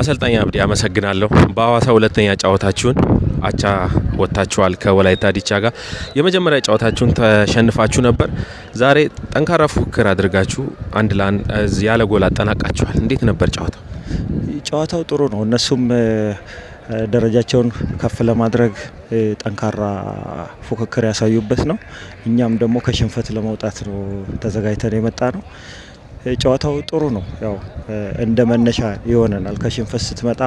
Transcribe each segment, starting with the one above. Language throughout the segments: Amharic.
አሰልጣኝ አብዲ አመሰግናለሁ። በሐዋሳ ሁለተኛ ጨዋታችሁን አቻ ወጥታችኋል ከወላይታ ዲቻ ጋር። የመጀመሪያ ጨዋታችሁን ተሸንፋችሁ ነበር። ዛሬ ጠንካራ ፉክክር አድርጋችሁ አንድ ለአንድ ያለ ጎል አጠናቃችኋል። እንዴት ነበር ጨዋታው? ጨዋታው ጥሩ ነው። እነሱም ደረጃቸውን ከፍ ለማድረግ ጠንካራ ፉክክር ያሳዩበት ነው። እኛም ደግሞ ከሽንፈት ለመውጣት ነው ተዘጋጅተን የመጣ ነው። ጨዋታው ጥሩ ነው። ያው እንደ መነሻ ይሆነናል። ከሽንፈት ስትመጣ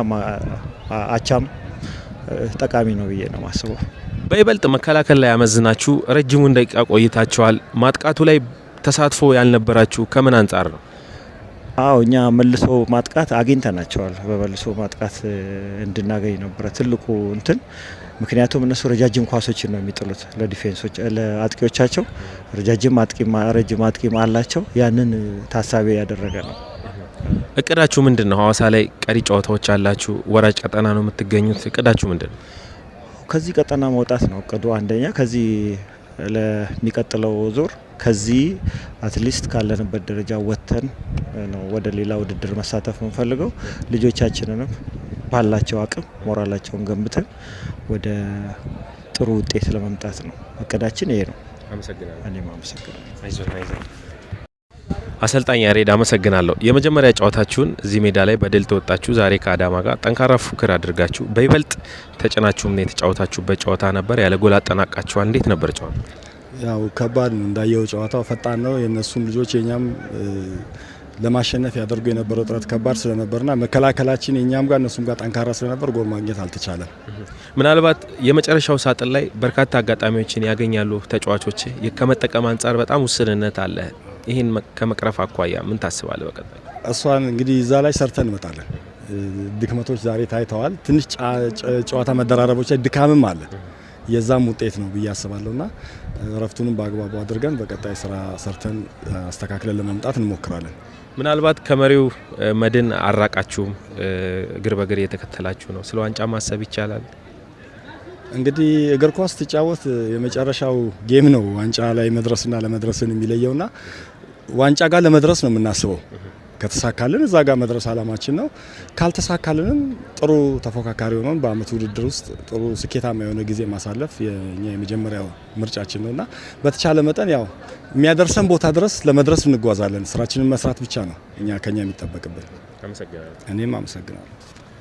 አቻም ጠቃሚ ነው ብዬ ነው ማስበው። በይበልጥ መከላከል ላይ ያመዝናችሁ ረጅሙን ደቂቃ ቆይታችኋል። ማጥቃቱ ላይ ተሳትፎ ያልነበራችሁ ከምን አንጻር ነው? አዎ እኛ መልሶ ማጥቃት አግኝተናቸዋል። በመልሶ ማጥቃት እንድናገኝ ነበረ ትልቁ እንትን። ምክንያቱም እነሱ ረጃጅም ኳሶችን ነው የሚጥሉት ለዲፌንሶች ለአጥቂዎቻቸው ረጃጅም አጥቂ ረጅም አጥቂም አላቸው። ያንን ታሳቢ ያደረገ ነው። እቅዳችሁ ምንድን ነው? ሀዋሳ ላይ ቀሪ ጨዋታዎች አላችሁ። ወራጅ ቀጠና ነው የምትገኙት። እቅዳችሁ ምንድን ነው? ከዚህ ቀጠና መውጣት ነው እቅዱ። አንደኛ ከዚህ ለሚቀጥለው ዙር ከዚህ አትሊስት ካለንበት ደረጃ ወጥተን ነው ወደ ሌላ ውድድር መሳተፍ የምንፈልገው። ልጆቻችንንም ባላቸው አቅም ሞራላቸውን ገንብተን ወደ ጥሩ ውጤት ለመምጣት ነው እቅዳችን፣ ይሄ ነው። አመሰግናለሁ። አሰልጣኝ ያሬድ አመሰግናለሁ። የመጀመሪያ ጨዋታችሁን እዚህ ሜዳ ላይ በድል ተወጣችሁ። ዛሬ ከአዳማ ጋር ጠንካራ ፉክር አድርጋችሁ በይበልጥ ተጭናችሁም የተጫወታችሁበት ጨዋታ ነበር። ያለ ጎል አጠናቃችኋል። እንዴት ነበር ጨዋታ? ያው ከባድ ነው እንዳየው ጨዋታው ፈጣን ነው። የእነሱም ልጆች የኛም ለማሸነፍ ያደርጉ የነበረው ጥረት ከባድ ስለነበርና መከላከላችን የኛም ጋር እነሱም ጋር ጠንካራ ስለነበር ጎል ማግኘት አልተቻለም። ምናልባት የመጨረሻው ሳጥን ላይ በርካታ አጋጣሚዎችን ያገኛሉ ተጫዋቾች ከመጠቀም አንጻር በጣም ውስንነት አለ። ይህን ከመቅረፍ አኳያ ምን ታስባለ? በቀጣይ እሷን እንግዲህ እዛ ላይ ሰርተን እንመጣለን። ድክመቶች ዛሬ ታይተዋል። ትንሽ ጨዋታ መደራረቦች ላይ ድካምም አለ የዛም ውጤት ነው ብዬ አስባለሁ እና እረፍቱንም በአግባቡ አድርገን በቀጣይ ስራ ሰርተን አስተካክለን ለመምጣት እንሞክራለን። ምናልባት ከመሪው መድን አራቃችሁም፣ እግር በእግር እየተከተላችሁ ነው። ስለ ዋንጫ ማሰብ ይቻላል። እንግዲህ እግር ኳስ ትጫወት የመጨረሻው ጌም ነው ዋንጫ ላይ መድረስና ለመድረስን የሚለየውና ዋንጫ ጋር ለመድረስ ነው የምናስበው ከተሳካልን እዛ ጋር መድረስ አላማችን ነው። ካልተሳካልንም ጥሩ ተፎካካሪ ሆነን በአመት ውድድር ውስጥ ጥሩ ስኬታማ የሆነ ጊዜ ማሳለፍ የኛ የመጀመሪያው ምርጫችን ነው እና በተቻለ መጠን ያው የሚያደርሰን ቦታ ድረስ ለመድረስ እንጓዛለን። ስራችንን መስራት ብቻ ነው እኛ ከኛ የሚጠበቅብን። እኔም አመሰግናለሁ።